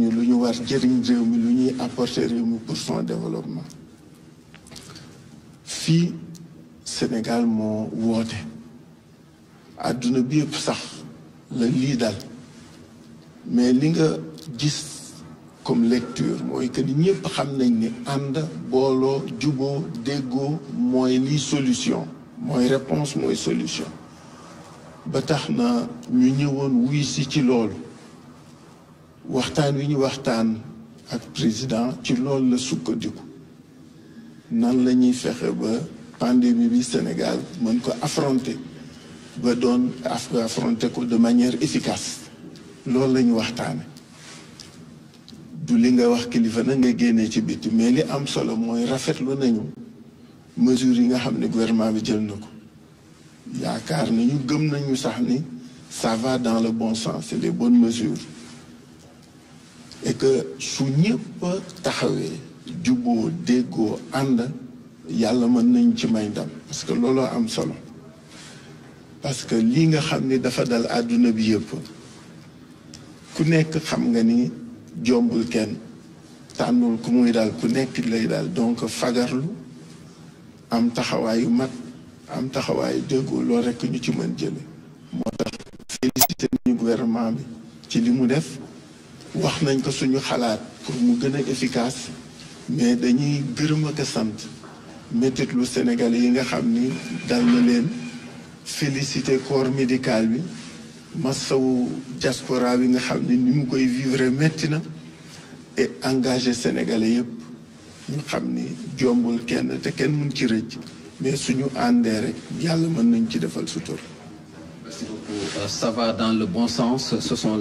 ñu lu ñu war jëriñ réew mi lu ñuy apporter réew mi pour son développement fii Sénégal moo woote àdduna bi yëpp sax la lii dal mais li nga gis comme lecture mooy que ni ñëpp xam nañ ni ànd booloo juboo déggoo mooy lii solution mooy réponse mooy solution ba tax na ñu ñëwoon wuy si ci loolu waxtaan wi ñu waxtaan ak président ci loolu la sukkandiku nan la ñuy fexe ba pandémie bi Sénégal mën ko affronté ba doon affronter ko de manière efficace loolu la ñu waxtaane du li nga wax kilifa na nga génnee ci biti mais li am solo mooy rafetlu nañu mesures yi nga xam ne gouvernement bi jël na ko yaakaar nañu gëm nañu sax ni ça dans le bon sens c'est des bonnes mesures et su ñëpp taxawee juboo déggoo ànd yàlla mën nañ ci may ndam parce que looloo am solo parce que lii nga xam ni dafa dal àdduna bi yëpp ku nekk xam nga ni jombul kenn tànnul ku muy daal ku nekk lay daal donc fagarlu am taxawaayu mat am taxawaayu déggoo loolu rekk ñu ci mën jële moo tax félicité nañu gouvernement bi ci li mu def wax nañ ko suñu xalaat pour mu gën a efficace mais dañuy gërëm ak sant métitlu Sénégalais yi nga xam ni dal na leen félicité corps médical bi massawu diaspora bi nga xam ni ni mu koy vivre métti na engage engagé Sénégalais yëpp ñu xam ni jombul kenn te kenn mun ci rëcc mais suñu àndee rek yàlla mën nañ ci defal sutur. Merci euh, le bon sens. Ce sont